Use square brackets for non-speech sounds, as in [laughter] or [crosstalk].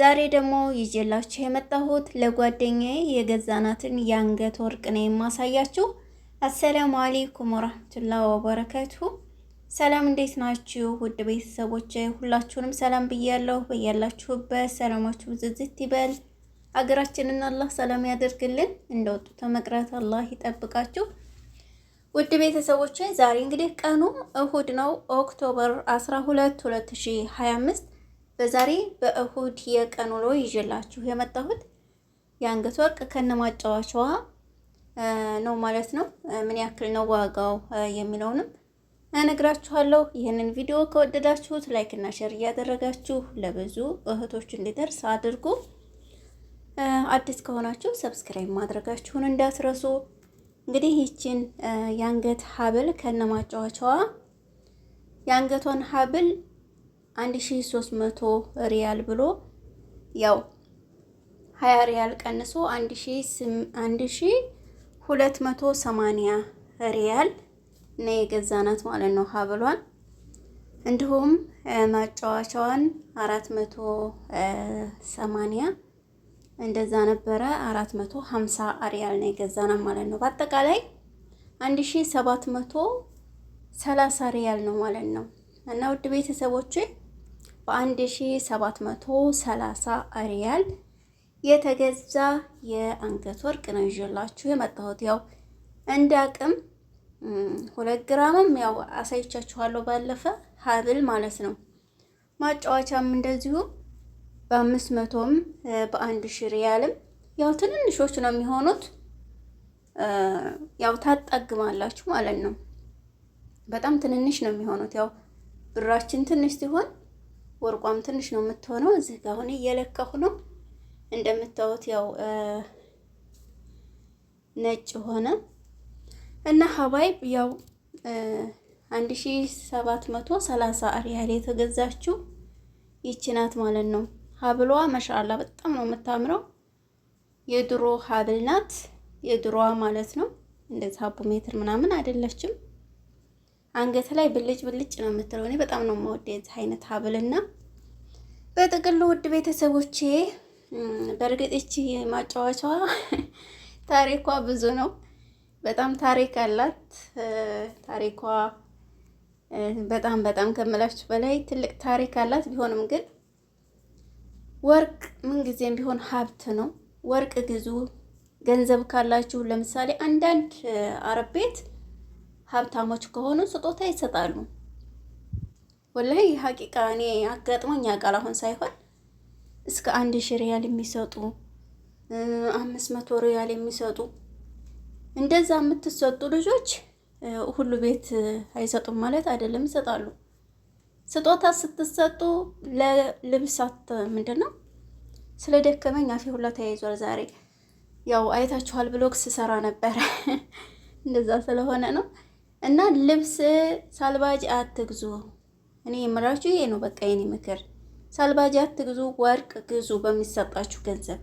ዛሬ ደግሞ ይዤላችሁ የመጣሁት ለጓደኛዬ የገዛናትን የአንገት ወርቅ ነው የማሳያችሁ። አሰላሙ አሌይኩም ወራህመቱላሂ ወበረከቱ። ሰላም እንዴት ናችሁ ውድ ቤተሰቦች? ሁላችሁንም ሰላም ብያለሁ። በያላችሁበት ሰላማችሁ ዝዝት ይበል። አገራችንን አላህ ሰላም ያደርግልን። እንደወጡ ተመቅረት አላህ ይጠብቃችሁ። ውድ ቤተሰቦች ዛሬ እንግዲህ ቀኑ እሁድ ነው ኦክቶበር 12 2025 በዛሬ በእሁድ የቀን ውሎ ይዤላችሁ የመጣሁት የአንገት ወርቅ ከነማጫወቻዋ ነው ማለት ነው። ምን ያክል ነው ዋጋው የሚለውንም እነግራችኋለሁ። ይህንን ቪዲዮ ከወደዳችሁት ላይክ እና ሼር እያደረጋችሁ ለብዙ እህቶች እንዲደርስ አድርጉ። አዲስ ከሆናችሁ ሰብስክራይብ ማድረጋችሁን እንዳትረሱ። እንግዲህ ይችን የአንገት ሀብል ከነማጫወቻዋ የአንገቷን ሀብል 1300 ሪያል ብሎ ያው 20 ሪያል ቀንሶ 1280 ሪያል ነው የገዛናት ማለት ነው ሀብሏን። እንዲሁም ማጫወቻዋን 480 እንደዛ ነበረ 450 ሪያል ነው የገዛናት ማለት ነው። በአጠቃላይ 1730 ሪያል ነው ማለት ነው። እና ውድ ቤተሰቦቼ በአንድ ሺ ሰባት መቶ ሰላሳ ሪያል የተገዛ የአንገት ወርቅ ነው ይዤላችሁ የመጣሁት። ያው እንደ አቅም ሁለት ግራምም ያው አሳይቻችኋለሁ ባለፈ ሀብል ማለት ነው። ማጫወቻም እንደዚሁ በአምስት መቶም በአንድ ሺ ሪያልም ያው ትንንሾች ነው የሚሆኑት። ያው ታጠግማላችሁ ማለት ነው። በጣም ትንንሽ ነው የሚሆኑት። ያው ብራችን ትንሽ ሲሆን ወርቋም ትንሽ ነው የምትሆነው። እዚህ ጋር አሁን እየለካሁ ነው። እንደምታዩት ያው ነጭ ሆነ እና ሀባይብ ያው 1730 ሪያል የተገዛችው ይቺ ናት ማለት ነው። ሀብሏ መሻላ በጣም ነው የምታምረው። የድሮ ሀብል ናት የድሮዋ ማለት ነው። እንደዚህ ሀቡ ሜትር ምናምን አይደለችም። አንገት ላይ ብልጭ ብልጭ ነው የምትለው። እኔ በጣም ነው የምወደው የዚህ አይነት ሀብልና በጥቅሉ ውድ ቤተሰቦቼ በእርግጥ ይቺ [laughs] ታሪኳ ብዙ ነው። በጣም ታሪክ አላት። ታሪኳ በጣም በጣም ከምላችሁ በላይ ትልቅ ታሪክ አላት። ቢሆንም ግን ወርቅ ምንጊዜም ቢሆን ሀብት ነው። ወርቅ ግዙ፣ ገንዘብ ካላችሁ። ለምሳሌ አንዳንድ አረብ ቤት ሀብታሞች ከሆኑ ስጦታ ይሰጣሉ። ወላሂ ሀቂቃ እኔ አጋጥሞኝ ያውቃል። አሁን ሳይሆን እስከ አንድ ሺ ሪያል የሚሰጡ አምስት መቶ ሪያል የሚሰጡ እንደዛ የምትሰጡ ልጆች ሁሉ ቤት አይሰጡም ማለት አይደለም፣ ይሰጣሉ። ስጦታ ስትሰጡ ለልብሳት ምንድን ነው ስለ ደከመኝ አፌ ሁላ ተያይዟል ዛሬ። ያው አይታችኋል፣ ብሎክ ስሰራ ነበረ [laughs] እንደዛ ስለሆነ ነው። እና ልብስ ሳልባጅ አትግዙ። እኔ የምላችሁ ይሄ ነው። በቃ የኔ ምክር ሳልባጃት ግዙ፣ ወርቅ ግዙ በሚሰጣችሁ ገንዘብ